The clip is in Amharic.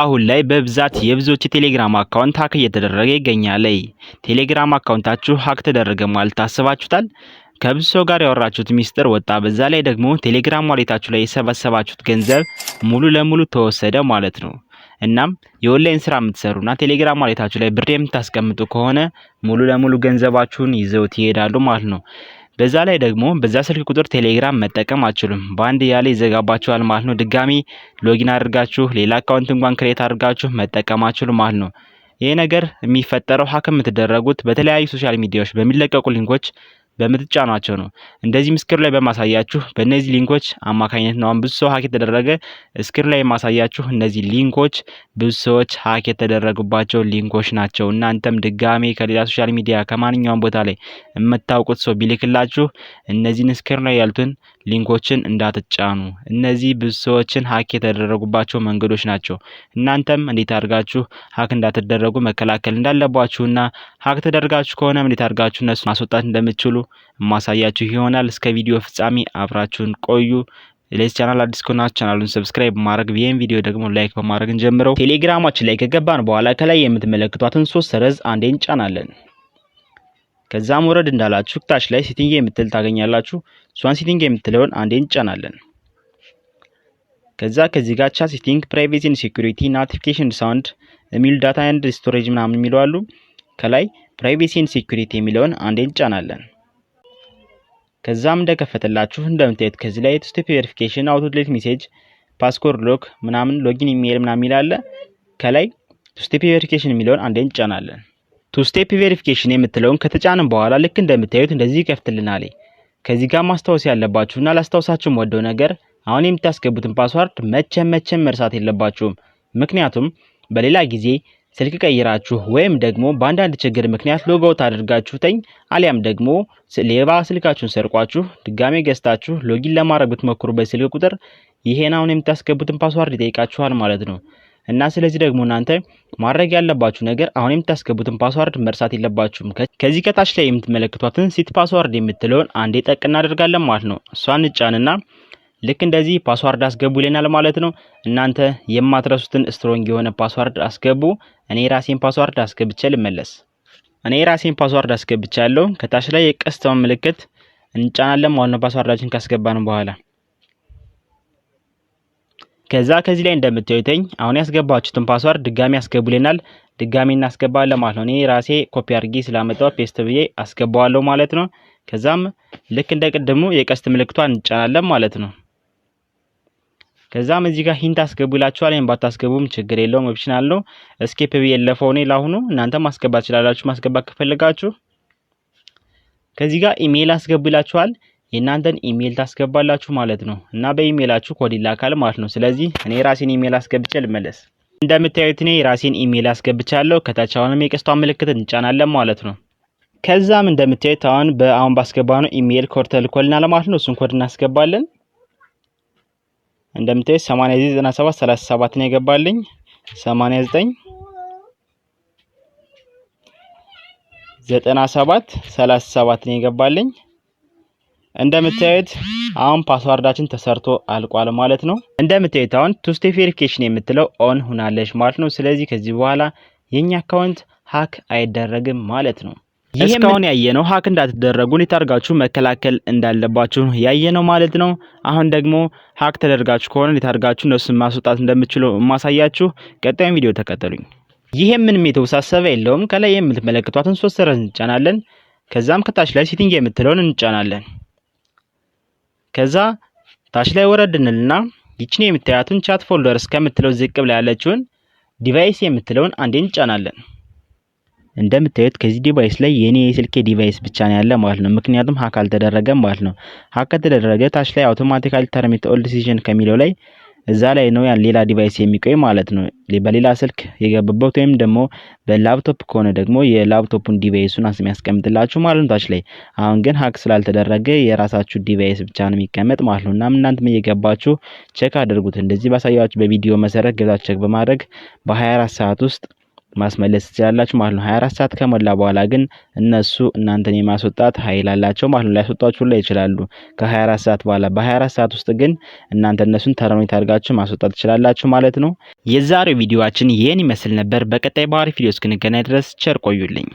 አሁን ላይ በብዛት የብዙዎች የቴሌግራም አካውንት ሀክ እየተደረገ ይገኛል። ቴሌግራም አካውንታችሁ ሀክ ተደረገ ማለት ታስባችሁታል? ከብዙ ሰው ጋር ያወራችሁት ሚስጥር ወጣ። በዛ ላይ ደግሞ ቴሌግራም ዋሌታችሁ ላይ የሰበሰባችሁት ገንዘብ ሙሉ ለሙሉ ተወሰደ ማለት ነው። እናም የኦንላይን ስራ የምትሰሩና ቴሌግራም ዋሌታችሁ ላይ ብር የምታስቀምጡ ከሆነ ሙሉ ለሙሉ ገንዘባችሁን ይዘውት ይሄዳሉ ማለት ነው። በዛ ላይ ደግሞ በዛ ስልክ ቁጥር ቴሌግራም መጠቀም አትችሉም። በአንድ ያለ ይዘጋባችኋል ማለት ነው። ድጋሚ ሎጊን አድርጋችሁ ሌላ አካውንት እንኳን ክሬት አድርጋችሁ መጠቀም አትችሉም ማለት ነው። ይሄ ነገር የሚፈጠረው ሀክ የምትደረጉት በተለያዩ ሶሻል ሚዲያዎች በሚለቀቁ ሊንኮች በምትጫኗቸው ነው። እንደዚህ ስክሪን ላይ በማሳያችሁ በእነዚህ ሊንኮች አማካኝነት ነው አሁን ብዙ ሰው ሀክ የተደረገ። ስክሪን ላይ የማሳያችሁ እነዚህ ሊንኮች ብዙ ሰዎች ሀክ የተደረጉባቸው ሊንኮች ናቸው። እናንተም ድጋሜ ከሌላ ሶሻል ሚዲያ ከማንኛውም ቦታ ላይ የምታውቁት ሰው ቢልክላችሁ እነዚህን ስክሪን ላይ ያሉትን ሊንኮችን እንዳትጫኑ። እነዚህ ብዙ ሰዎችን ሀክ የተደረጉባቸው መንገዶች ናቸው። እናንተም እንዴት አድርጋችሁ ሀክ እንዳትደረጉ መከላከል እንዳለባችሁና ሀክ ተደርጋችሁ ከሆነም እንዴት አድርጋችሁ እነሱ ማስወጣት እንደምትችሉ የማሳያችሁ ይሆናል። እስከ ቪዲዮ ፍጻሜ አብራችሁን ቆዩ። ለዚህ ቻናል አዲስ ከሆናችሁ ቻናሉን ሰብስክራይብ ማድረግ ይህን ቪዲዮ ደግሞ ላይክ በማድረግ እንጀምረው። ቴሌግራማችን ላይ ከገባን በኋላ ከላይ የምትመለከቷትን ሶስት ሰረዝ አንዴ እንጫናለን። ከዛም ወረድ እንዳላችሁ ታች ላይ ሴቲንግ የምትል ታገኛላችሁ። እሷን ሴቲንግ የምትለውን አንዴ እንጫናለን። ከዛ ከዚህ ጋር ቻት ሴቲንግ፣ ፕራይቬሲ ኤንድ ሴኩሪቲ፣ ኖቲፊኬሽን ሳውንድ የሚሉ ዳታ ኤንድ ስቶሬጅ ምናምን የሚለው አሉ። ከላይ ፕራይቬሲ ኤንድ ሴኩሪቲ የሚለውን አንዴ እንጫናለን። ከዛም እንደከፈተላችሁ እንደምታዩት ከዚህ ላይ ቱስቴፕ ቬሪፊኬሽን ዲሌት ሜሴጅ ፓስኮርድ ሎክ ምናምን ሎጊን ኢሜል ምናምን ይላል። ከላይ ቱስቴፕ ቬሪፊኬሽን የሚለውን አንዴ እንጫናለን። ቱስቴፕ ቬሪፊኬሽን የምትለውን ከተጫንም በኋላ ልክ እንደምታዩት እንደዚህ ይከፍትልናል። ከዚህ ጋር ማስታወስ ያለባችሁና ላስታውሳችሁም ወደው ነገር አሁን የምታስገቡትን ፓስዋርድ መቼም መቼም መርሳት የለባችሁም። ምክንያቱም በሌላ ጊዜ ስልክ ቀይራችሁ ወይም ደግሞ በአንዳንድ ችግር ምክንያት አድርጋችሁ ተኝ አሊያም ደግሞ ሌባ ስልካችሁን ሰርቋችሁ ድጋሜ ገዝታችሁ ሎጊን ለማድረግ ብትሞክሩበት ስልክ ቁጥር ይሄን አሁን የምታስገቡትን ፓስዋርድ ይጠይቃችኋል ማለት ነው። እና ስለዚህ ደግሞ እናንተ ማድረግ ያለባችሁ ነገር አሁን የምታስገቡትን ፓስዋርድ መርሳት የለባችሁም። ከዚህ ከታች ላይ የምትመለከቷትን ሲት ፓስዋርድ የምትለውን አንዴ ጠቅ እናደርጋለን ማለት ነው። እሷን እጫንና ልክ እንደዚህ ፓስዋርድ አስገቡ ይለናል ማለት ነው። እናንተ የማትረሱትን ስትሮንግ የሆነ ፓስዋርድ አስገቡ። እኔ ራሴን ፓስዋርድ አስገብቼ ልመለስ። እኔ ራሴን ፓስዋርድ አስገብቻለሁ። ከታች ላይ የቀስት ምልክት እንጫናለን ማለት ነው። ፓስዋርዳችን ካስገባን በኋላ ከዛ ከዚህ ላይ እንደምታዩትኝ አሁን ያስገባችሁትን ፓስዋርድ ድጋሚ ያስገቡልናል። ድጋሚ እናስገባለን ማለት ነው። እኔ ራሴ ኮፒ አድርጌ ስላመጣው ፔስት ብዬ አስገባዋለሁ ማለት ነው። ከዛም ልክ እንደ ቅድሙ የቀስት ምልክቷ እንጫናለን ማለት ነው። ከዛም እዚህ ጋር ሂንት አስገቡላችኋል። ወይም ባታስገቡም ችግር የለውም ኦፕሽን አለው። እስኬፕ ብዬ የለፈው እኔ ለአሁኑ እናንተ ማስገባት ትችላላችሁ፣ ማስገባት ከፈለጋችሁ። ከዚህ ጋር ኢሜይል አስገቡላችኋል። የእናንተን ኢሜይል ታስገባላችሁ ማለት ነው እና በኢሜይላችሁ ኮድ ይላካል ማለት ነው። ስለዚህ እኔ ራሴን ኢሜይል አስገብቼ ልመለስ። እንደምታዩት እኔ ራሴን ኢሜይል አስገብቻለሁ። ከታች አሁንም የቀስቷ ምልክት እንጫናለን ማለት ነው። ከዛም እንደምታዩት አሁን በአሁን ባስገባ ነው ኢሜይል ኮድ ተልኮልናል ማለት ነው። እሱን ኮድ እናስገባለን። እንደምታዩ 89 97 37 ነው የገባልኝ 89 97 37 ነው የገባልኝ። እንደምታዩት አሁን ፓስዋርዳችን ተሰርቶ አልቋል ማለት ነው። እንደምታዩት አሁን ቱ ስቴፕ ቬሪፊኬሽን የምትለው ኦን ሆናለች ማለት ነው። ስለዚህ ከዚህ በኋላ የኛ አካውንት ሀክ አይደረግም ማለት ነው። እስካሁን ያየነው ሀክ እንዳትደረጉ እንዴት አድርጋችሁ መከላከል እንዳለባችሁ ያየነው ማለት ነው። አሁን ደግሞ ሀክ ተደርጋችሁ ከሆነ እንዴት አድርጋችሁ እነሱን ማስወጣት እንደምትችሉ ማሳያችሁ ቀጣዩ ቪዲዮ ተከተሉኝ። ይሄ ምንም የተወሳሰበ የለውም። ከላይ የምትመለከቷትን ሶስት ሰረዝ እንጫናለን። ከዛም ከታች ላይ ሲቲንግ የምትለውን እንጫናለን። ከዛ ታች ላይ ወረድንልና እንልና ይችን የምታያቱን ቻት ፎልደርስ ከምትለው ዝቅ ብላ ያለችውን ዲቫይስ የምትለውን አንዴ እንጫናለን። እንደምታዩት ከዚህ ዲቫይስ ላይ የኔ የስልኬ ዲቫይስ ብቻ ነው ያለ ማለት ነው። ምክንያቱም ሀክ አልተደረገ ማለት ነው። ሀክ ከተደረገ ታች ላይ አውቶማቲካሊ ተርሚት ኦል ዲሲዥን ከሚለው ላይ እዛ ላይ ነው ያን ሌላ ዲቫይስ የሚቆይ ማለት ነው። በሌላ ስልክ የገባበት ወይም ደግሞ በላፕቶፕ ከሆነ ደግሞ የላፕቶፑን ዲቫይሱን የሚያስቀምጥላችሁ ማለት ነው ታች ላይ። አሁን ግን ሀክ ስላልተደረገ የራሳችሁ ዲቫይስ ብቻ ነው የሚቀመጥ ማለት ነው። እናም እናንተም እየገባችሁ ቼክ አድርጉት። እንደዚህ ባሳያችሁ በቪዲዮ መሰረት ገብታችሁ ቼክ በማድረግ በ24 ሰዓት ውስጥ ማስመለስ ትችላላችሁ ማለት ነው። 24 ሰዓት ከሞላ በኋላ ግን እነሱ እናንተን የማስወጣት ኃይል አላቸው ማለት ነው። ሊያስወጣችሁ ሁላ ይችላሉ ከ24 ሰዓት በኋላ። በ24 ሰዓት ውስጥ ግን እናንተ እነሱን ተርሚኔት አድርጋችሁ ማስወጣት ትችላላችሁ ማለት ነው። የዛሬው ቪዲዮአችን ይህን ይመስል ነበር። በቀጣይ ባህሪ ቪዲዮ እስክንገናኝ ድረስ ቸር ቆዩልኝ።